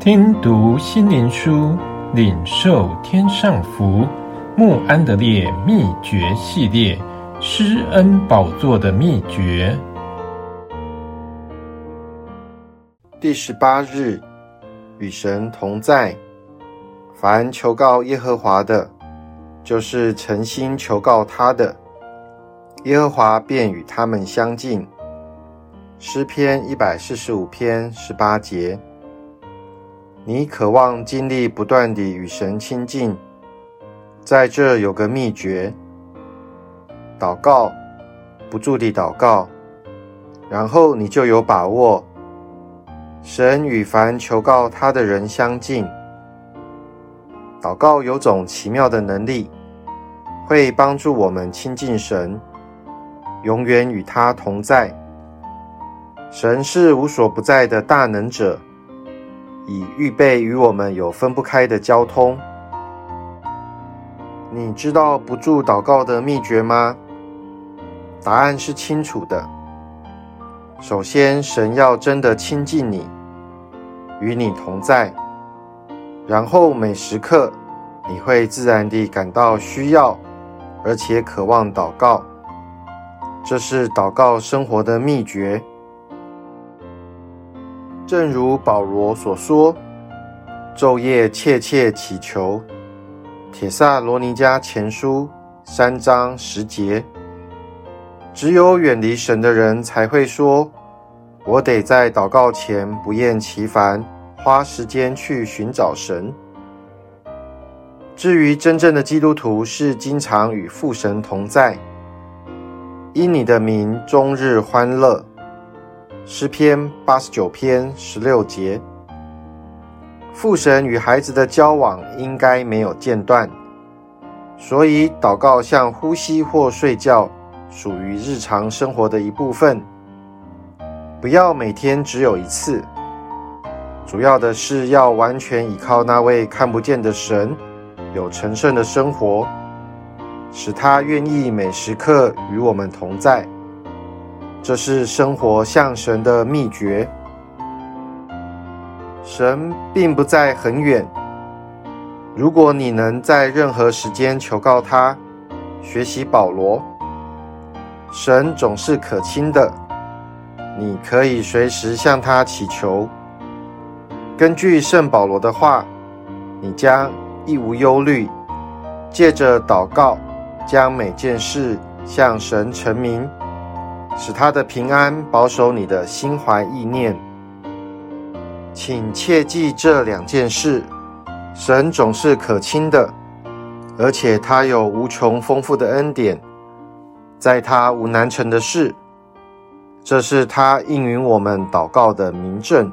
聽讀心靈書，領受天上福。慕安德烈秘訣系列，《施恩寶座的秘訣》第十八日，與神同在。凡求告耶和華的，就是誠心求告他的，耶和華便與他們相近。詩篇一百四十五篇十八節。你渴望經歷不斷地與神親近，在這兒有個秘訣：禱告，不住地禱告，然後你就有把握，神與凡求告他的人相近。禱告有種奇妙的能力，會幫助我們親近神，永遠與他同在。神是無所不在的大能者。已預備與我們有分不開的交通。你知道不住禱告的秘訣嗎？答案是清楚的。首先，神要真的親近你，與你同在；然後每時刻，你會自然地感到需要，而且渴望禱告。這是禱告生活的秘訣。正如保羅所說：“晝夜切切祈求。”《帖撒羅尼迦前書》三章十節。只有遠離神的人才會說：“我得在禱告前不厭其煩，花時間去尋找神。”至於真正的基督徒，是經常與父神同在。因你的名，終日歡樂。詩篇八十九篇十六節，父神與孩子的交往應該沒有間斷，所以禱告像呼吸或睡覺，屬於日常生活的一部分。不要每天只有一次，主要的是要完全依靠那位看不見的神，有成聖的生活，使他願意每時刻與我們同在。這是生活像神的秘訣。神並不在很遠，如果你能在任何時間求告他，學習保羅，神總是可親的。你可以隨時向他祈求。根據聖保羅的話，你將一無憂慮，借着禱告，將每件事向神呈明。使他的平安保守你的心懷意念，請切記這兩件事。神總是可親的，而且他有無窮豐富的恩典，在他無難成的事，這是他應允我們禱告的明證。